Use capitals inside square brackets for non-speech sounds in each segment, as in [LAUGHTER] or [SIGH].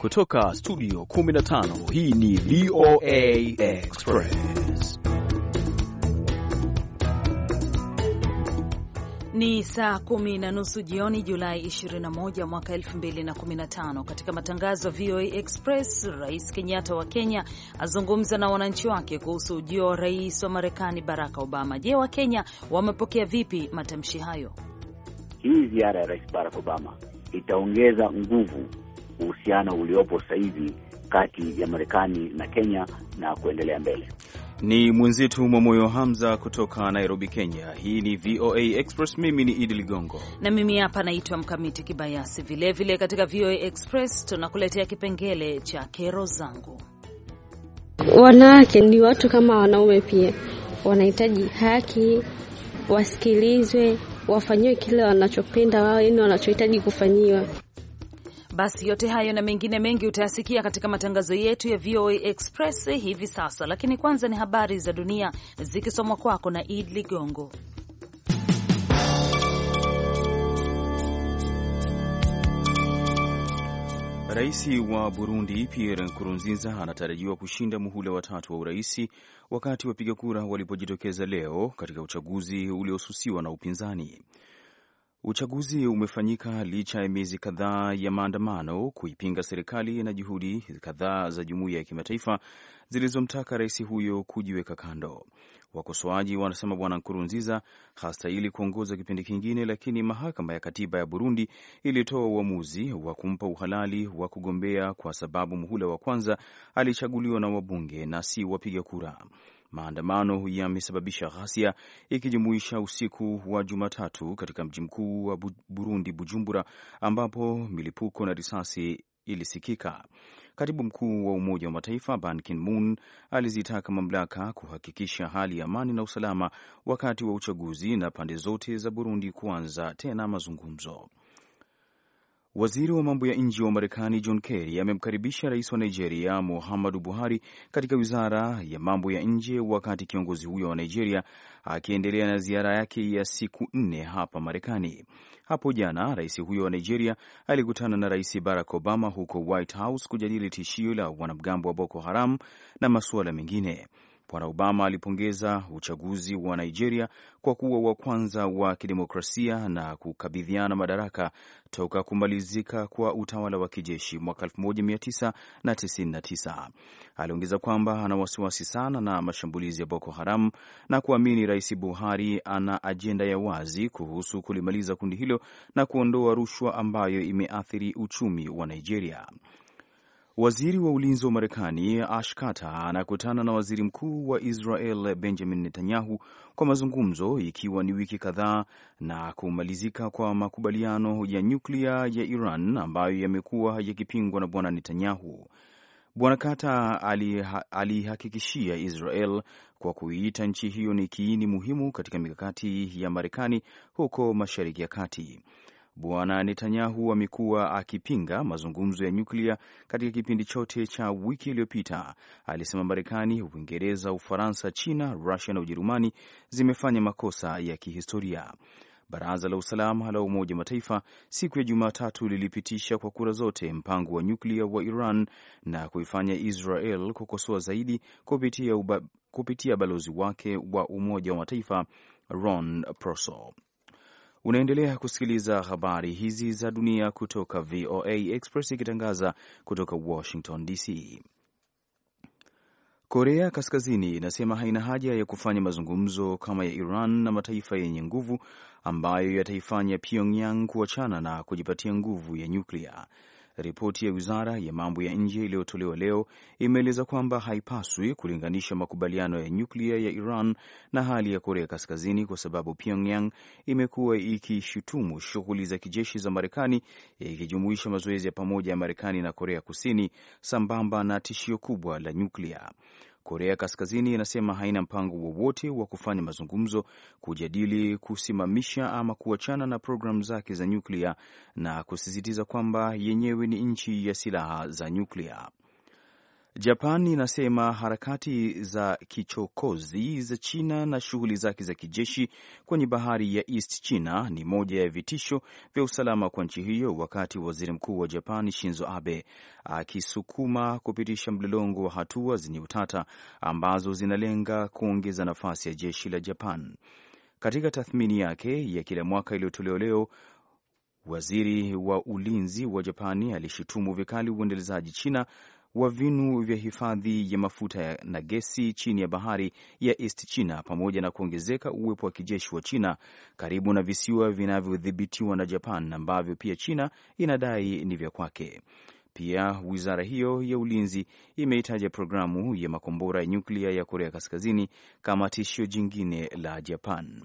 Kutoka studio 15 hii ni VOA Express. Ni saa kumi na nusu jioni Julai 21 mwaka 2015. Katika matangazo ya VOA Express, Rais Kenyatta wa Kenya azungumza na wananchi wake kuhusu ujio wa rais wa Marekani Barack Obama. Je, wa Kenya wamepokea vipi matamshi hayo? Hii ziara ya Rais Barack Obama itaongeza nguvu uhusiano uliopo sasa hivi kati ya Marekani na Kenya na kuendelea mbele. Ni mwenzetu Mwamoyo Hamza kutoka Nairobi, Kenya. Hii ni VOA Express. Mimi ni Idi Ligongo na mimi hapa naitwa Mkamiti Kibayasi. Vilevile katika VOA Express tunakuletea kipengele cha kero zangu. Wanawake ni watu kama wanaume pia, wanahitaji haki, wasikilizwe, wafanyiwe kile wanachopenda wao, yani wanachohitaji kufanyiwa. Basi yote hayo na mengine mengi utayasikia katika matangazo yetu ya VOA Express hivi sasa, lakini kwanza ni habari za dunia zikisomwa kwako na Id Ligongo. Rais wa Burundi Pierre Nkurunziza anatarajiwa kushinda muhula watatu wa uraisi wakati wapiga kura walipojitokeza leo katika uchaguzi uliosusiwa na upinzani. Uchaguzi umefanyika licha ya miezi kadhaa ya maandamano kuipinga serikali na juhudi kadhaa za jumuiya ya kimataifa zilizomtaka rais huyo kujiweka kando. Wakosoaji wanasema Bwana Nkurunziza hastahili kuongoza kipindi kingine, lakini mahakama ya katiba ya Burundi ilitoa uamuzi wa kumpa uhalali wa kugombea kwa sababu muhula wa kwanza alichaguliwa na wabunge na si wapiga kura. Maandamano yamesababisha ghasia ikijumuisha usiku wa Jumatatu katika mji mkuu wa Burundi, Bujumbura, ambapo milipuko na risasi ilisikika. Katibu mkuu wa Umoja wa Mataifa Ban Ki-moon alizitaka mamlaka kuhakikisha hali ya amani na usalama wakati wa uchaguzi na pande zote za Burundi kuanza tena mazungumzo. Waziri wa mambo ya nje wa Marekani John Kerry amemkaribisha rais wa Nigeria Muhammadu Buhari katika wizara ya mambo ya nje wakati kiongozi huyo wa Nigeria akiendelea na ziara yake ya siku nne hapa Marekani. Hapo jana rais huyo wa Nigeria alikutana na rais Barack Obama huko White House kujadili tishio la wanamgambo wa Boko Haram na masuala mengine. Bwana Obama alipongeza uchaguzi wa Nigeria kwa kuwa wa kwanza wa kidemokrasia na kukabidhiana madaraka toka kumalizika kwa utawala wa kijeshi mwaka 1999. Aliongeza kwamba ana wasiwasi sana na mashambulizi ya Boko Haram na kuamini Rais Buhari ana ajenda ya wazi kuhusu kulimaliza kundi hilo na kuondoa rushwa ambayo imeathiri uchumi wa Nigeria. Waziri wa ulinzi wa Marekani Ash Carter anakutana na waziri mkuu wa Israel Benjamin Netanyahu kwa mazungumzo, ikiwa ni wiki kadhaa na kumalizika kwa makubaliano ya nyuklia ya Iran ambayo yamekuwa yakipingwa na bwana Netanyahu. Bwana Carter alihakikishia Israel kwa kuiita nchi hiyo ni kiini muhimu katika mikakati ya Marekani huko Mashariki ya Kati. Bwana Netanyahu amekuwa akipinga mazungumzo ya nyuklia katika kipindi chote cha wiki iliyopita. Alisema Marekani, Uingereza, Ufaransa, China, Rusia na Ujerumani zimefanya makosa ya kihistoria. Baraza la Usalama la Umoja Mataifa siku ya Jumatatu lilipitisha kwa kura zote mpango wa nyuklia wa Iran na kuifanya Israel kukosoa zaidi kupitia, uba, kupitia balozi wake wa Umoja wa Mataifa Ron Proso. Unaendelea kusikiliza habari hizi za dunia kutoka VOA Express ikitangaza kutoka Washington DC. Korea Kaskazini inasema haina haja ya kufanya mazungumzo kama ya Iran na mataifa yenye nguvu ambayo yataifanya Pyongyang kuachana na kujipatia nguvu ya nyuklia. Ripoti ya wizara ya mambo ya nje iliyotolewa leo imeeleza kwamba haipaswi kulinganisha makubaliano ya nyuklia ya Iran na hali ya Korea Kaskazini kwa sababu Pyongyang imekuwa ikishutumu shughuli za kijeshi za Marekani ikijumuisha mazoezi ya pamoja ya Marekani na Korea Kusini sambamba na tishio kubwa la nyuklia. Korea Kaskazini inasema haina mpango wowote wa kufanya mazungumzo, kujadili kusimamisha ama kuachana na programu zake za nyuklia na kusisitiza kwamba yenyewe ni nchi ya silaha za nyuklia. Japan inasema harakati za kichokozi za China na shughuli zake za kijeshi kwenye bahari ya East China ni moja ya vitisho vya usalama kwa nchi hiyo, wakati waziri mkuu wa Japan Shinzo Abe akisukuma kupitisha mlolongo wa hatua zenye utata ambazo zinalenga kuongeza nafasi ya jeshi la Japan. Katika tathmini yake ya kila mwaka iliyotolewa leo Waziri wa ulinzi wa Japani alishutumu vikali uendelezaji China wa vinu vya hifadhi ya mafuta na gesi chini ya bahari ya East China pamoja na kuongezeka uwepo wa kijeshi wa China karibu na visiwa vinavyodhibitiwa na Japan ambavyo pia China inadai ni vya kwake. Pia wizara hiyo ya ulinzi imeitaja programu ya makombora ya nyuklia ya Korea Kaskazini kama tishio jingine la Japan.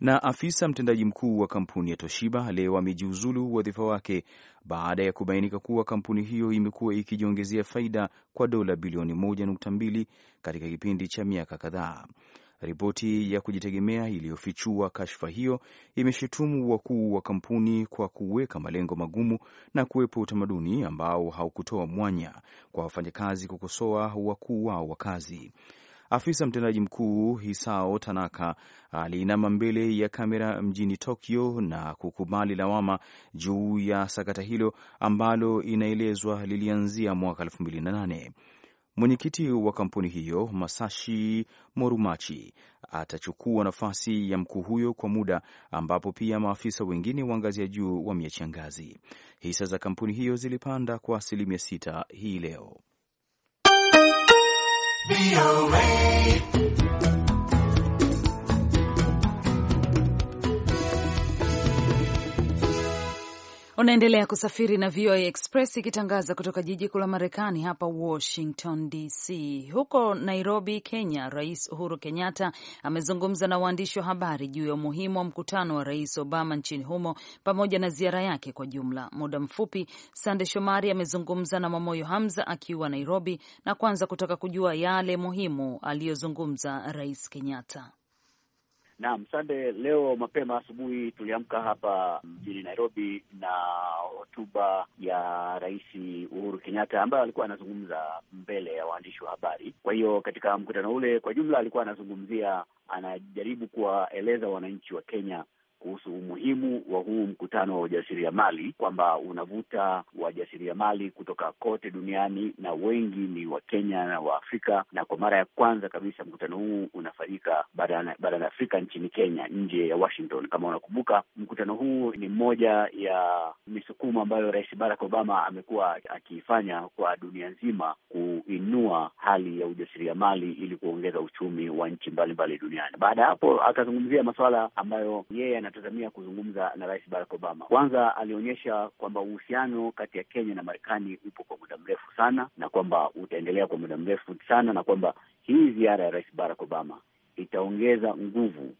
Na afisa mtendaji mkuu wa kampuni ya Toshiba leo amejiuzulu wadhifa wake baada ya kubainika kuwa kampuni hiyo imekuwa ikijiongezea faida kwa dola bilioni 1.2 katika kipindi cha miaka kadhaa. Ripoti ya kujitegemea iliyofichua kashfa hiyo imeshutumu wakuu wa kampuni kwa kuweka malengo magumu na kuwepo utamaduni ambao haukutoa mwanya kwa wafanyakazi kukosoa wakuu wao wa kazi. Afisa mtendaji mkuu Hisao Tanaka aliinama mbele ya kamera mjini Tokyo na kukubali lawama juu ya sakata hilo ambalo inaelezwa lilianzia mwaka 2008. Mwenyekiti wa kampuni hiyo Masashi Morumachi atachukua nafasi ya mkuu huyo kwa muda, ambapo pia maafisa wengine wa ngazi ya juu wameachia ngazi. Hisa za kampuni hiyo zilipanda kwa asilimia sita hii leo. Unaendelea kusafiri na VOA Express ikitangaza kutoka jiji kuu la Marekani hapa Washington DC. Huko Nairobi, Kenya, Rais Uhuru Kenyatta amezungumza na waandishi wa habari juu ya umuhimu wa mkutano wa Rais Obama nchini humo pamoja na ziara yake kwa jumla. Muda mfupi, Sande Shomari amezungumza na Mamoyo Hamza akiwa Nairobi na kwanza kutaka kujua yale muhimu aliyozungumza Rais Kenyatta. Naam, sande. Leo mapema asubuhi tuliamka hapa mjini Nairobi na hotuba ya Rais Uhuru Kenyatta ambayo alikuwa anazungumza mbele ya waandishi wa habari. Kwa hiyo katika mkutano ule, kwa jumla, alikuwa anazungumzia, anajaribu kuwaeleza wananchi wa Kenya kuhusu umuhimu wa huu mkutano wa wajasiriamali kwamba unavuta wajasiriamali kutoka kote duniani na wengi ni Wakenya na Waafrika, na kwa mara ya kwanza kabisa mkutano huu unafanyika barani Afrika nchini Kenya, nje ya Washington. Kama unakumbuka, mkutano huu ni mmoja ya misukumo ambayo Rais Barack Obama amekuwa akiifanya kwa dunia nzima kuinua hali ya ujasiriamali ili kuongeza uchumi wa nchi mbalimbali duniani. Baada ya hapo, akazungumzia masuala ambayo yeye anatazamia kuzungumza na Rais Barack Obama. Kwanza alionyesha kwamba uhusiano kati ya Kenya na Marekani upo kwa muda mrefu sana na kwamba utaendelea kwa muda mrefu sana na kwamba hii ziara ya Rais Barack Obama itaongeza nguvu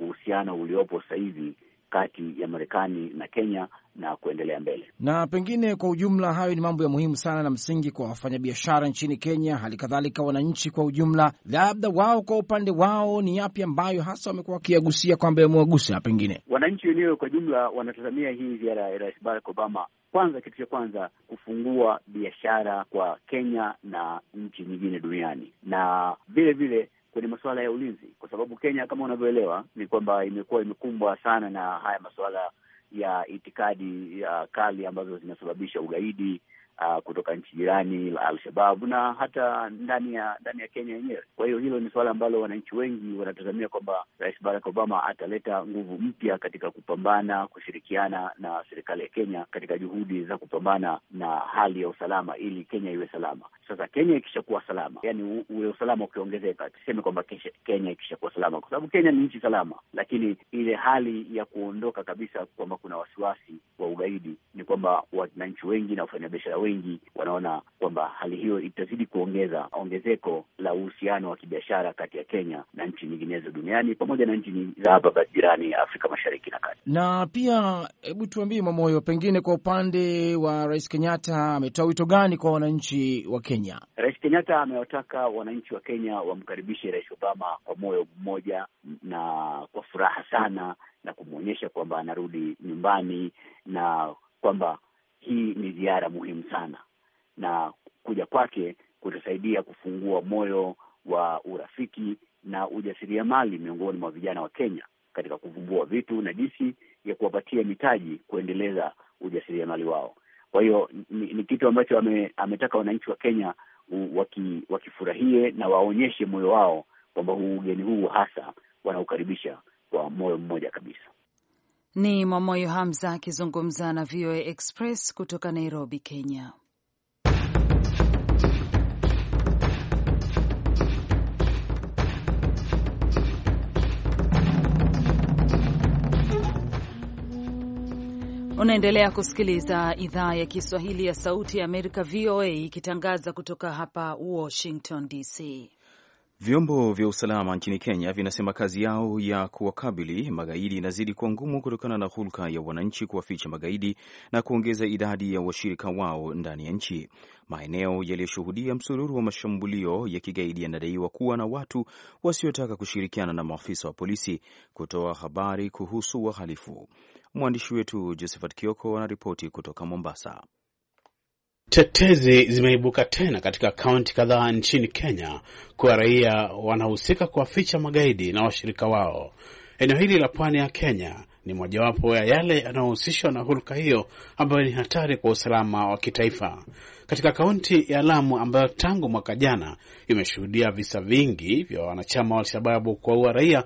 uhusiano uliopo sasa hivi kati ya Marekani na Kenya na kuendelea mbele. Na pengine kwa ujumla, hayo ni mambo ya muhimu sana na msingi kwa wafanyabiashara nchini Kenya, hali kadhalika wananchi kwa ujumla. Labda wao kwa upande wao ni yapi ambayo hasa wamekuwa wakiagusia kwamba yamewagusa? Pengine wananchi wenyewe kwa jumla wanatazamia hii ziara ya Rais Barack Obama, kwanza, kitu cha kwanza kufungua biashara kwa Kenya na nchi nyingine duniani, na vile vile kwenye masuala ya ulinzi, kwa sababu Kenya kama unavyoelewa ni kwamba imekuwa imekumbwa sana na haya masuala ya itikadi ya kali ambazo zinasababisha ugaidi uh, kutoka nchi jirani la Al-Shabaab na hata ndani ya ndani ya Kenya yenyewe. Kwa hiyo hilo ni suala ambalo wananchi wengi wanatazamia kwamba Rais Barack Obama ataleta nguvu mpya katika kupambana, kushirikiana na serikali ya Kenya katika juhudi za kupambana na hali ya usalama ili Kenya iwe salama. Sasa Kenya ikishakuwa salama, yani ule usalama ukiongezeka, tuseme kwamba Kenya ikishakuwa salama, kwa sababu Kenya ni nchi salama, lakini ile hali ya kuondoka kabisa kwamba kuna wasiwasi wa ugaidi, ni kwamba wananchi wengi na wafanyabiashara wengi wanaona kwamba hali hiyo itazidi kuongeza ongezeko la uhusiano wa kibiashara kati ya Kenya na nchi nyinginezo duniani pamoja na nchi za hapa jirani ya Afrika Mashariki na Kati. Na pia hebu tuambie, Mwamoyo, pengine kwa upande wa Rais Kenyatta ametoa wito gani kwa wananchi wa Kenya? Kenya. Rais Kenyatta amewataka wananchi wa Kenya wamkaribishe Rais Obama kwa moyo mmoja na kwa furaha sana, na kumwonyesha kwamba anarudi nyumbani na kwamba hii ni ziara muhimu sana, na kuja kwake kutasaidia kufungua moyo wa urafiki na ujasiriamali miongoni mwa vijana wa Kenya katika kuvumbua vitu na jinsi ya kuwapatia mitaji kuendeleza ujasiriamali wao. Kwa hiyo ni, ni kitu ambacho ame, ametaka wananchi wa Kenya waki, wakifurahie na waonyeshe moyo wao kwamba huu ugeni huu hasa wanaukaribisha kwa moyo mmoja kabisa. Ni Mwamoyo Hamza akizungumza na VOA Express kutoka Nairobi, Kenya. Unaendelea kusikiliza idhaa ya Kiswahili ya Sauti ya Amerika, VOA, ikitangaza kutoka hapa Washington DC. Vyombo vya usalama nchini Kenya vinasema kazi yao ya kuwakabili magaidi inazidi kuwa ngumu kutokana na hulka ya wananchi kuwaficha magaidi na kuongeza idadi ya washirika wao ndani ya nchi. Maeneo yaliyoshuhudia msururu wa mashambulio ya kigaidi yanadaiwa kuwa na watu wasiotaka kushirikiana na maafisa wa polisi kutoa habari kuhusu wahalifu. Mwandishi wetu Josephat Kioko anaripoti kutoka Mombasa. Tetezi zimeibuka tena katika kaunti kadhaa nchini Kenya kuwa raia wanahusika kuwaficha magaidi na washirika wao. Eneo hili la pwani ya Kenya ni mojawapo ya yale yanayohusishwa na hulka hiyo ambayo ni hatari kwa usalama wa kitaifa. Katika kaunti ya Lamu ambayo tangu mwaka jana imeshuhudia visa vingi vya wanachama wa Alshababu kuwaua raia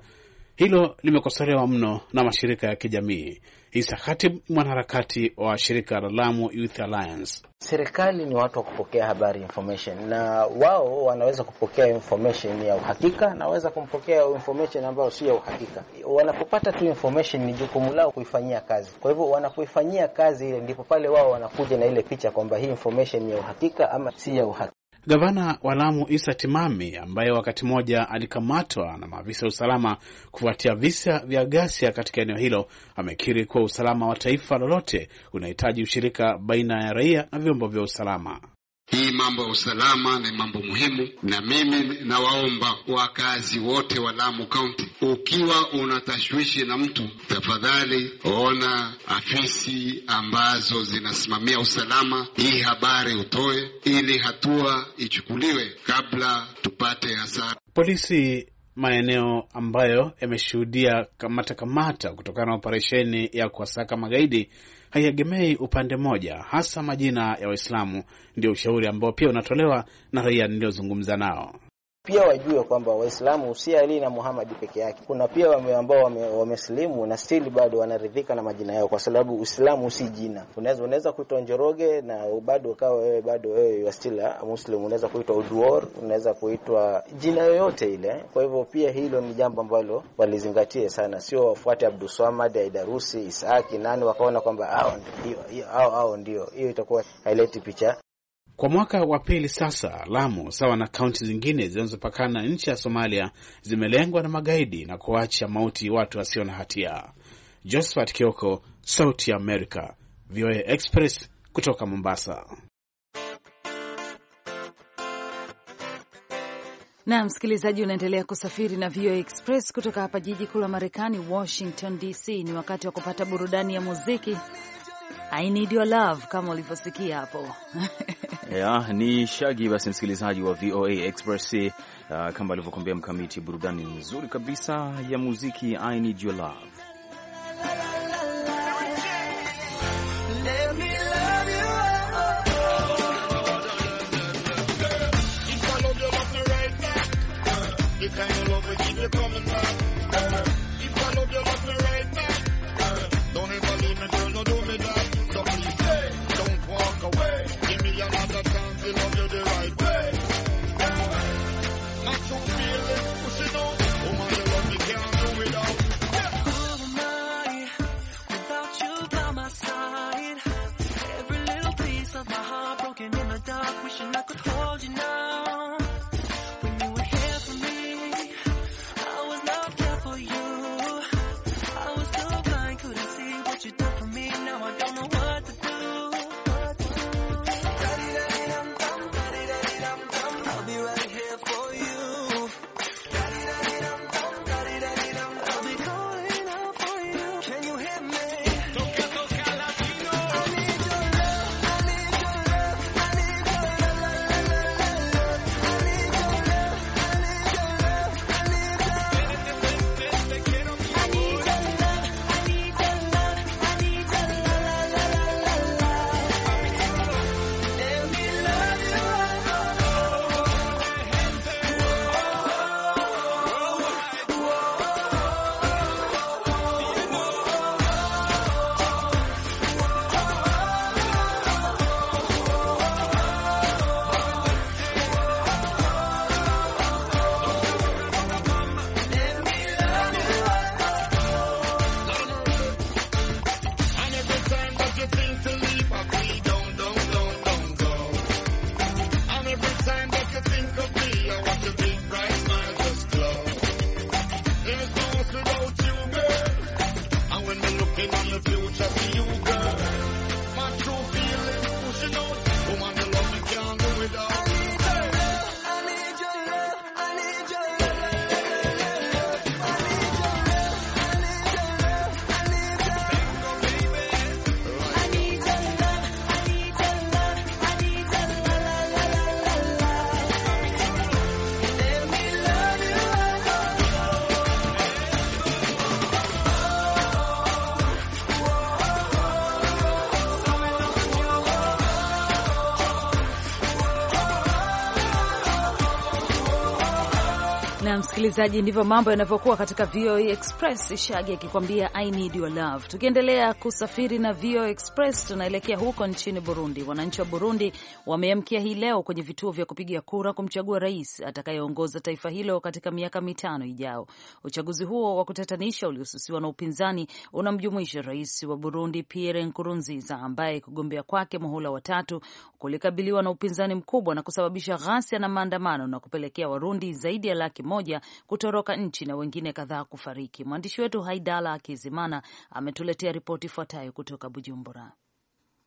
hilo limekosolewa mno na mashirika ya kijamii. Isa Khatib, mwanaharakati wa shirika la Lamu Youth Alliance: serikali ni watu wa kupokea habari information, na wao wanaweza kupokea information ya uhakika na waweza kumpokea information ambayo si ya uhakika. Wanapopata tu information, ni jukumu lao kuifanyia kazi. Kwa hivyo wanapoifanyia kazi ile, ndipo pale wao wanakuja na ile picha kwamba hii information ni ya uhakika ama si ya uhakika. Gavana wa Lamu Isa Timami, ambaye wakati mmoja alikamatwa na maafisa wa usalama kufuatia visa vya ghasia katika eneo hilo, amekiri kuwa usalama wa taifa lolote unahitaji ushirika baina ya raia na vyombo vya usalama. Hii mambo ya usalama ni mambo muhimu, na mimi nawaomba wakazi wote wa Lamu Kaunti, ukiwa una tashwishi na mtu, tafadhali ona afisi ambazo zinasimamia usalama, hii habari utoe, ili hatua ichukuliwe kabla tupate hasara. Polisi maeneo ambayo yameshuhudia kamatakamata kutokana na operesheni ya kuwasaka magaidi haiegemei upande mmoja, hasa majina ya Waislamu. Ndio ushauri ambao pia unatolewa na raia niliyozungumza nao pia wajue kwamba Waislamu si Ali na Muhammad peke yake. Kuna pia wame ambao wamesilimu wame na stili bado wanaridhika na majina yao, kwa sababu Uislamu si jina. Unaweza unaweza kuitwa Njoroge na bado ukawa wewe bado wewe wa stili Muslim. Unaweza kuitwa Uduor, unaweza kuitwa jina yoyote ile. Kwa hivyo pia hilo ni jambo ambalo walizingatie sana, sio wafuate abduswamad Aidarusi, Isaki nani wakaona kwamba hao ndio hao ndio hiyo, itakuwa haileti picha kwa mwaka wa pili sasa, Lamu sawa na kaunti zingine zinazopakana na nchi ya Somalia zimelengwa na magaidi na kuacha mauti watu wasio na hatia. Josephat Kioko, Sauti ya Amerika, VOA Express kutoka Mombasa. na msikilizaji, unaendelea kusafiri na VOA Express kutoka hapa jiji kuu la Marekani, Washington DC. Ni wakati wa kupata burudani ya muziki. I need your love, kama ulivyosikia hapo [LAUGHS] ya ni Shagi. Basi msikilizaji wa VOA Express, uh, kama alivyokuambia Mkamiti, burudani nzuri kabisa ya muziki I Need Your Love msikilizaji, ndivyo mambo yanavyokuwa katika VOA e Express. Shagi akikwambia I need your love. Tukiendelea kusafiri na VOA e Express, tunaelekea huko nchini Burundi. Wananchi wa Burundi wameamkia hii leo kwenye vituo vya kupiga kura kumchagua rais atakayeongoza taifa hilo katika miaka mitano ijao. Uchaguzi huo wa kutatanisha uliosusiwa na upinzani unamjumuisha rais wa Burundi Pierre Nkurunziza ambaye kugombea kwake muhula watatu kulikabiliwa na upinzani mkubwa na kusababisha ghasia na maandamano na kupelekea Warundi zaidi ya laki moja kutoroka nchi na wengine kadhaa kufariki. Mwandishi wetu Haidala Akizimana ametuletea ripoti ifuatayo kutoka Bujumbura.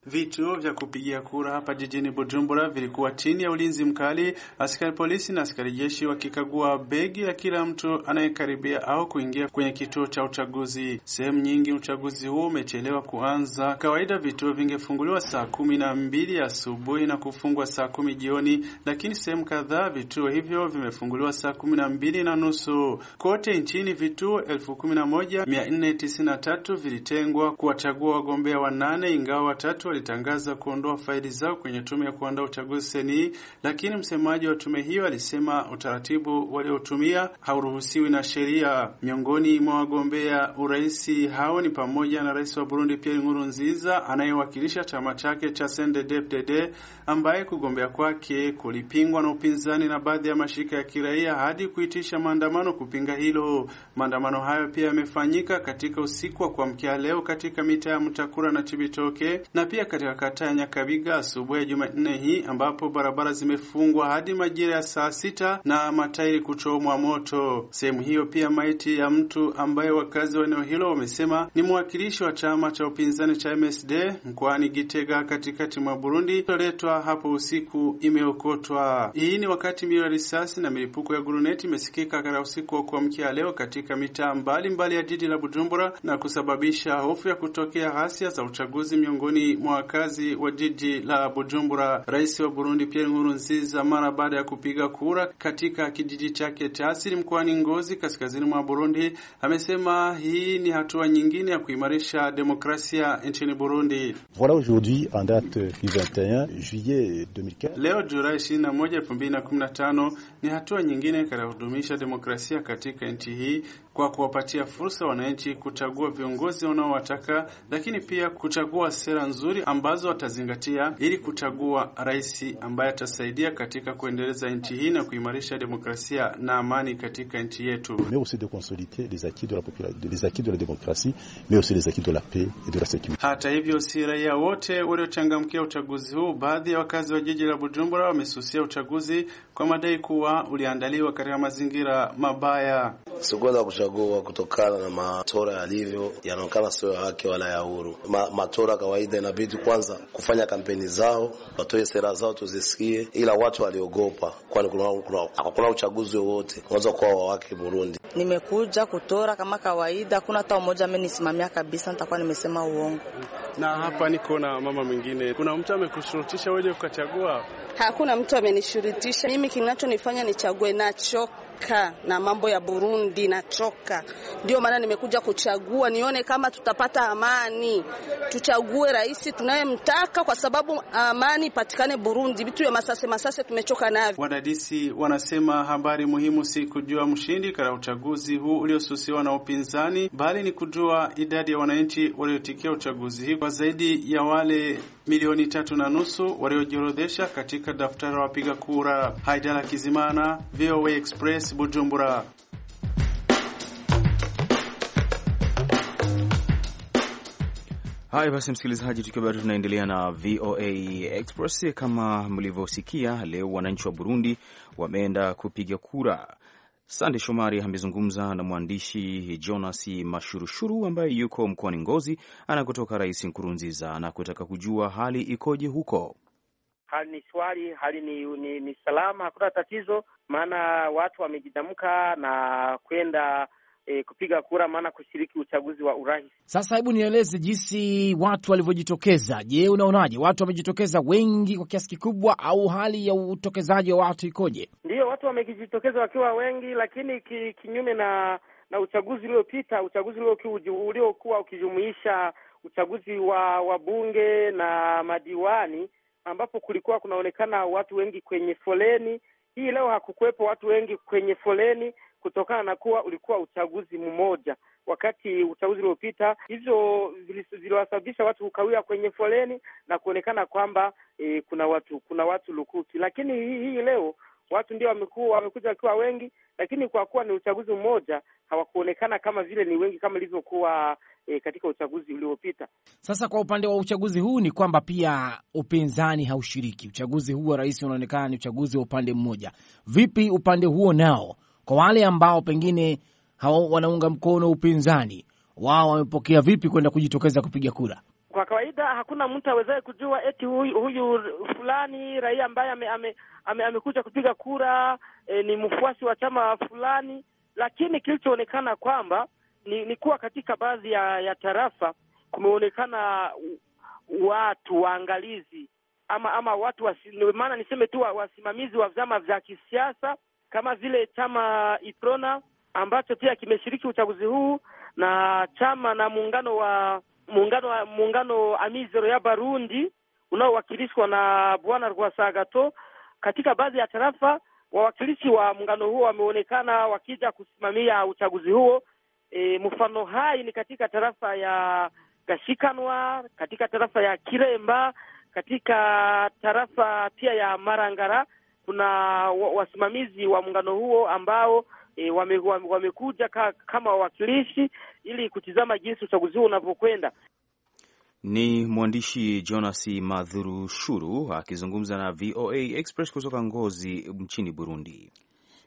Vituo vya kupigia kura hapa jijini Bujumbura vilikuwa chini ya ulinzi mkali, askari polisi na askari jeshi wakikagua begi ya kila mtu anayekaribia au kuingia kwenye kituo cha uchaguzi. Sehemu nyingi uchaguzi huo umechelewa kuanza. Kawaida vituo vingefunguliwa saa kumi na mbili asubuhi na kufungwa saa kumi jioni, lakini sehemu kadhaa vituo hivyo vimefunguliwa saa kumi na mbili na nusu. Kote nchini vituo elfu kumi na moja mia nne tisini na tatu vilitengwa kuwachagua wagombea wanane, ingawa watatu walitangaza kuondoa faili zao kwenye tume ya kuandaa uchaguzi seni, lakini msemaji wa tume hiyo alisema utaratibu waliotumia hauruhusiwi na sheria. Miongoni mwa wagombea uraisi hao ni pamoja na rais wa Burundi Pierre Nkurunziza anayewakilisha chama chake cha CNDD-FDD ambaye kugombea kwake kulipingwa na upinzani na baadhi ya mashirika ya kiraia hadi kuitisha maandamano kupinga hilo. Maandamano hayo pia yamefanyika katika usiku wa kuamkia leo katika mitaa ya Mtakura na Chibitoke na pia katika kata ya Nyakabiga asubuhi ya Jumanne hii ambapo barabara zimefungwa hadi majira ya saa sita na matairi kuchomwa moto. Sehemu hiyo pia maiti ya mtu ambaye wakazi wa eneo hilo wamesema ni mwakilishi wa chama cha upinzani cha MSD mkoani Gitega katikati mwa Burundi toletwa hapo usiku imeokotwa. Hii ni wakati milio ya risasi na milipuko ya guruneti imesikika katika usiku wa kuamkia leo katika mitaa mbalimbali ya jiji la Bujumbura na kusababisha hofu ya kutokea ghasia za uchaguzi miongoni mwa wakazi wa jiji la Bujumbura. Rais wa Burundi Pierre Nkurunziza mara baada ya kupiga kura katika kijiji chake cha asili mkoani Ngozi kaskazini mwa Burundi amesema hii ni hatua nyingine ya kuimarisha demokrasia nchini Burundi. Voilà aujourd'hui en date du 21 juillet février 2015. Leo Julai 21, 2015 ni hatua nyingine katika kudumisha demokrasia katika nchi hii kwa kuwapatia fursa wananchi kuchagua viongozi wanaowataka, lakini pia kuchagua sera nzuri ambazo watazingatia ili kuchagua rais ambaye atasaidia katika kuendeleza nchi hii na kuimarisha demokrasia na amani katika nchi yetu. Hata hivyo, si raia wote waliochangamkia uchaguzi huu. Baadhi ya wakazi wa jiji la Bujumbura wamesusia uchaguzi kwa madai kuwa uliandaliwa katika mazingira mabaya kuchagua kutokana na matora yalivyo, yanaonekana sio ya haki wala ya uhuru. Ma, matora kawaida inabidi kwanza kufanya kampeni zao, watoe sera zao tuzisikie, ila watu waliogopa, kwani hakuna uchaguzi wowote unaweza kuwa wa wake Burundi. Nimekuja kutora kama kawaida, hakuna hata mmoja amenisimamia kabisa, nitakuwa nimesema uongo. Na hapa niko na mama mwingine. Kuna mtu amekushurutisha wewe ukachagua? Hakuna mtu amenishurutisha mimi, kinachonifanya nichague nacho nimechoka na mambo ya Burundi, nachoka. Ndio maana nimekuja kuchagua, nione kama tutapata amani, tuchague rais tunayemtaka, kwa sababu amani ipatikane Burundi. Vitu ya masase masase tumechoka navyo. Wadadisi wanasema habari muhimu si kujua mshindi katika uchaguzi huu uliosusiwa na upinzani, bali ni kujua idadi ya wananchi waliotikia uchaguzi hii kwa zaidi ya wale milioni tatu na nusu waliojiorodhesha katika daftari la wapiga kura. Haidara Kizimana, VOA Express, Bujumbura. Haya basi, msikilizaji, tukiwa bado tunaendelea na VOA Express. Kama mlivyosikia, leo wananchi wa Burundi wameenda kupiga kura Sande Shomari amezungumza na mwandishi Jonas Mashurushuru ambaye yuko mkoani Ngozi anakotoka Rais Nkurunziza na kutaka kujua hali ikoje huko. Hali ni shwari, hali ni, ni, ni salama, hakuna tatizo, maana watu wamejidamka na kwenda e, kupiga kura, maana kushiriki uchaguzi wa urais. Sasa hebu nieleze jinsi watu walivyojitokeza. Je, unaonaje, watu wamejitokeza wengi kwa kiasi kikubwa, au hali ya utokezaji wa watu ikoje? Ndiyo, watu wamejitokeza wakiwa wengi, lakini ki, kinyume na na uchaguzi uliopita, uchaguzi uliokuwa ukijumuisha uchaguzi wa wabunge na madiwani ambapo kulikuwa kunaonekana watu wengi kwenye foleni. Hii leo hakukuwepo watu wengi kwenye foleni, kutokana na kuwa ulikuwa uchaguzi mmoja. Wakati uchaguzi uliopita, hivyo viliwasababisha watu kukawia kwenye foleni na kuonekana kwamba e, kuna watu kuna watu lukuki, lakini hii hii leo watu ndio wamekuwa wamekuja wakiwa wengi, lakini kwa kuwa ni uchaguzi mmoja hawakuonekana kama vile ni wengi kama ilivyokuwa e, katika uchaguzi uliopita. Sasa kwa upande wa uchaguzi huu ni kwamba pia upinzani haushiriki uchaguzi huu wa rais, unaonekana ni uchaguzi wa upande mmoja. Vipi upande huo nao kwa wale ambao pengine hao wanaunga mkono upinzani, wao wamepokea vipi kwenda kujitokeza kupiga kura? Kwa kawaida hakuna mtu awezaye kujua eti huyu, huyu fulani raia ambaye amekuja ame, ame, ame kupiga kura e, ni mfuasi wa chama fulani, lakini kilichoonekana kwamba ni, ni kuwa katika baadhi ya, ya tarafa kumeonekana watu waangalizi ama ama watu wasi, maana niseme tu wasimamizi wa vyama vya kisiasa kama vile chama Iprona ambacho pia kimeshiriki uchaguzi huu na chama na muungano wa muungano wa muungano Amizero ya Barundi unaowakilishwa na Bwana Rwasagato. Katika baadhi ya tarafa, wawakilishi wa muungano huo wameonekana wakija kusimamia uchaguzi huo. E, mfano hai ni katika tarafa ya Gashikanwa, katika tarafa ya Kiremba, katika tarafa pia ya Marangara kuna wasimamizi wa muungano huo ambao e, wame, wame, wamekuja ka, kama wawakilishi ili kutizama jinsi uchaguzi huo unavyokwenda. Ni mwandishi Jonas Madhurushuru akizungumza na VOA Express kutoka Ngozi nchini Burundi.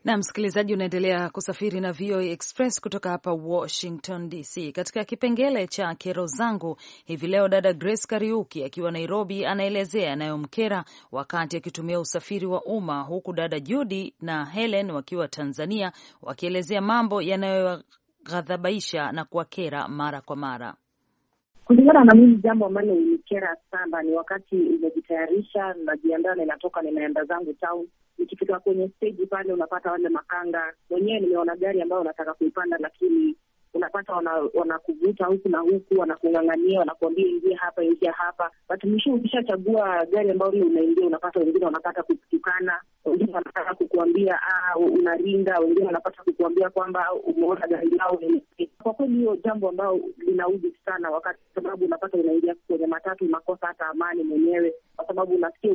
Na msikilizaji, unaendelea kusafiri na VOA Express kutoka hapa Washington DC. Katika kipengele cha kero zangu hivi leo, dada Grace Kariuki akiwa Nairobi anaelezea yanayomkera wakati akitumia usafiri wa umma, huku dada Judy na Helen wakiwa Tanzania wakielezea mambo yanayoghadhabaisha na kuwakera mara kwa mara. Kulingana na mimi, jambo ambalo unikera sana ni wakati umejitayarisha, najiandaa, ninatoka ninaenda zangu town ikifika kwenye steji pale unapata wale makanga wenyewe, nimeona gari ambayo unataka kuipanda, lakini unapata wanakuvuta wana huku na huku, wanakung'ang'ania, wanakuambia ingia hapa, ingia hapa, but mwisho ukishachagua gari ambayo hiyo unaingia, unapata wengine wanapata kukutukana, wengine wanataka kukuambia ah, unaringa, wengine wanapata kukuambia kwamba umeona gari lao. Kwa kweli hiyo jambo ambayo linaudhi sana, wakati sababu unapata unaingia kwenye matatu unakosa hata amani mwenyewe kwa sababu unasikia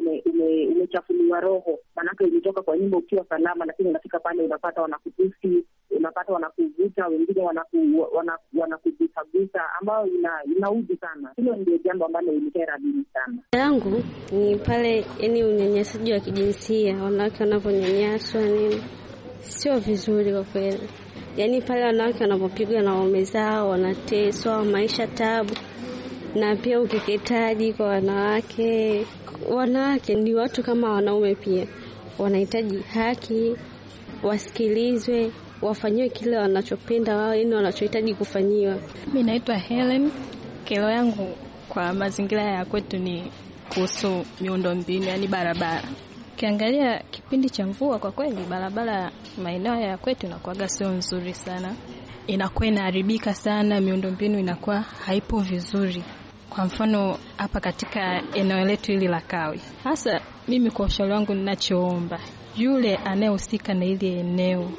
umechafuliwa ume, roho, maanake ulitoka kwa nyumba ukiwa salama, lakini unafika pale unapata wanakutusi, unapata wanakuvuta, wengine wanakugusagua wanaku, wanaku, ambayo ina, sana. Hilo ndio jambo ambalo ilikera dini sana yangu ni pale, yani unyanyasaji wa kijinsia, wanawake wanavyonyanyaswa nini, sio vizuri kwa kweli, yaani pale wanawake wanapopigwa na waume zao, wanateswa maisha tabu na pia ukeketaji kwa wanawake. Wanawake ni watu kama wanaume, pia wanahitaji haki, wasikilizwe, wafanyiwe kile wanachopenda wao, yani wanachohitaji kufanyiwa. Mi naitwa Helen. Kero yangu kwa mazingira ya kwetu ni kuhusu miundombinu, yani barabara. Ukiangalia kipindi cha mvua, kwa kweli barabara maeneo ya kwetu inakuwaga sio nzuri sana, inakuwa inaharibika sana, miundombinu inakuwa haipo vizuri. Kwa mfano hapa katika eneo letu hili la kawi hasa mimi kwa ushauri wangu ninachoomba yule anayehusika na hili eneo,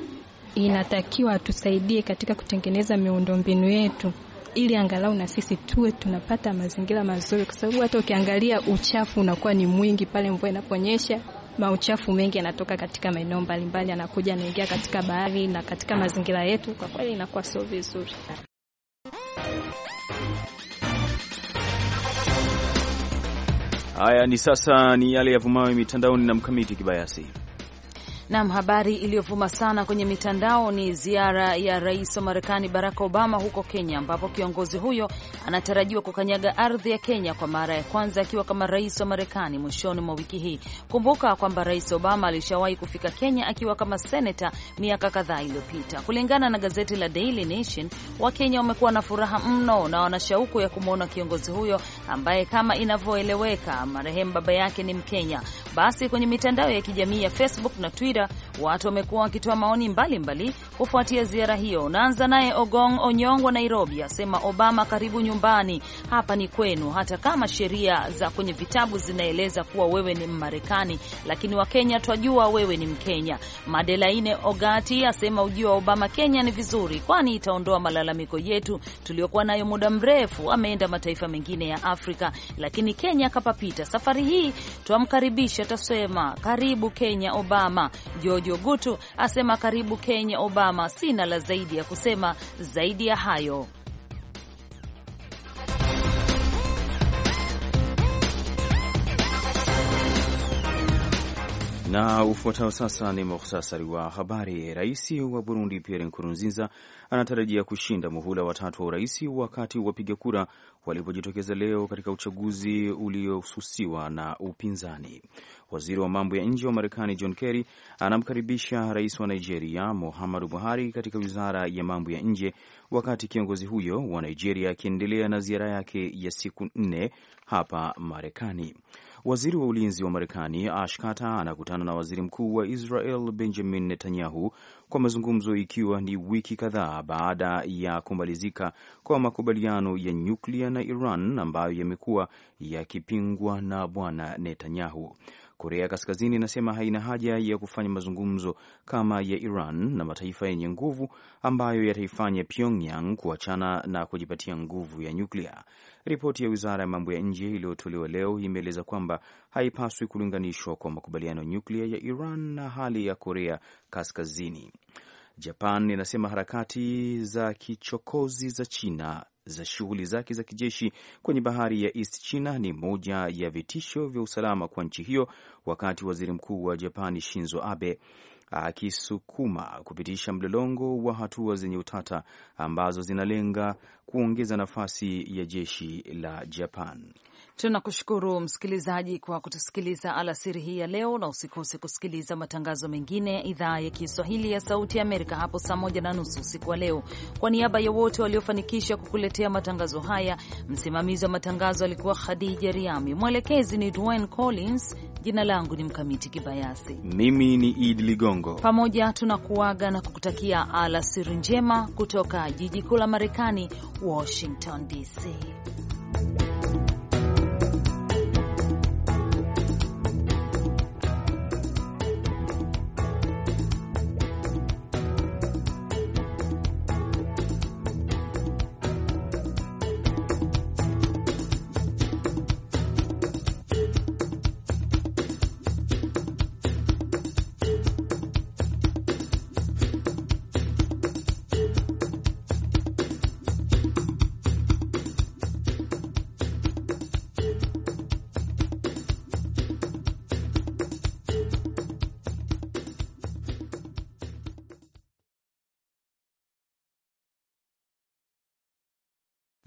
inatakiwa atusaidie katika kutengeneza miundombinu yetu ili angalau na sisi tuwe tunapata mazingira mazuri, kwa sababu hata ukiangalia uchafu unakuwa ni mwingi pale mvua inaponyesha. Mauchafu mengi yanatoka katika maeneo mbalimbali, anakuja yanaingia katika bahari na katika mazingira yetu, kwa kweli inakuwa sio vizuri. Haya ni sasa, ni yale yavumayo mitandaoni na Mkamiti Kibayasi. Nam, habari iliyovuma sana kwenye mitandao ni ziara ya rais wa Marekani Barack Obama huko Kenya, ambapo kiongozi huyo anatarajiwa kukanyaga ardhi ya Kenya kwa mara ya kwanza akiwa kama rais wa Marekani mwishoni mwa wiki hii. Kumbuka kwamba rais Obama alishawahi kufika Kenya akiwa kama seneta miaka kadhaa iliyopita. Kulingana na gazeti la Daily Nation, Wakenya wamekuwa na furaha mno na wana shauku ya kumwona kiongozi huyo ambaye kama inavyoeleweka marehemu baba yake ni Mkenya. Basi kwenye mitandao ya kijamii ya Facebook na Twitter Arusha, watu wamekuwa wakitoa maoni mbalimbali kufuatia ziara hiyo. unaanza naye Ogong Onyong wa Nairobi, asema Obama karibu nyumbani, hapa ni kwenu, hata kama sheria za kwenye vitabu zinaeleza kuwa wewe ni Mmarekani, lakini Wakenya twajua wewe ni Mkenya. Madelaine Ogati asema ujio wa Obama Kenya ni vizuri, kwani itaondoa malalamiko yetu tuliokuwa nayo muda mrefu. Ameenda mataifa mengine ya Afrika, lakini Kenya kapapita. Safari hii twamkaribisha, tasema karibu Kenya Obama. Jojo Ogutu asema karibu Kenya Obama. Sina la zaidi ya kusema zaidi ya hayo. Na ufuatao sasa ni muhtasari wa habari. Rais wa Burundi Pierre Nkurunziza anatarajia kushinda muhula watatu wa urais wakati wapiga kura walipojitokeza leo katika uchaguzi uliosusiwa na upinzani. Waziri wa mambo ya nje wa Marekani John Kerry anamkaribisha rais wa Nigeria Muhammadu Buhari katika wizara ya mambo ya nje wakati kiongozi huyo wa Nigeria akiendelea na ziara yake ya siku nne hapa Marekani. Waziri wa ulinzi wa Marekani Ash Carter anakutana na waziri mkuu wa Israel Benjamin Netanyahu kwa mazungumzo, ikiwa ni wiki kadhaa baada ya kumalizika kwa makubaliano ya nyuklia na Iran ambayo yamekuwa yakipingwa na Bwana Netanyahu. Korea Kaskazini inasema haina haja ya kufanya mazungumzo kama ya Iran na mataifa yenye nguvu ambayo yataifanya Pyongyang kuachana na kujipatia nguvu ya nyuklia. Ripoti ya wizara ya mambo ya nje iliyotolewa leo imeeleza kwamba haipaswi kulinganishwa kwa makubaliano ya nyuklia ya Iran na hali ya Korea Kaskazini. Japan inasema harakati za kichokozi za China za shughuli zake za kijeshi kwenye bahari ya East China ni moja ya vitisho vya usalama kwa nchi hiyo, wakati waziri mkuu wa Japani Shinzo Abe akisukuma kupitisha mlolongo wa hatua zenye utata ambazo zinalenga kuongeza nafasi ya jeshi la Japan. Tunakushukuru msikilizaji kwa kutusikiliza alasiri hii ya leo, na usikose kusikiliza matangazo mengine ya idhaa ya Kiswahili ya Sauti ya Amerika hapo saa moja na nusu usiku wa leo. Kwa niaba ya wote waliofanikisha kukuletea matangazo haya, msimamizi wa matangazo alikuwa Khadija Riami, mwelekezi ni Dwayne Collins, jina langu ni Mkamiti Kibayasi, mimi ni Idi Ligongo. Pamoja tunakuaga na kukutakia alasiri njema kutoka jiji kuu la Marekani, Washington DC.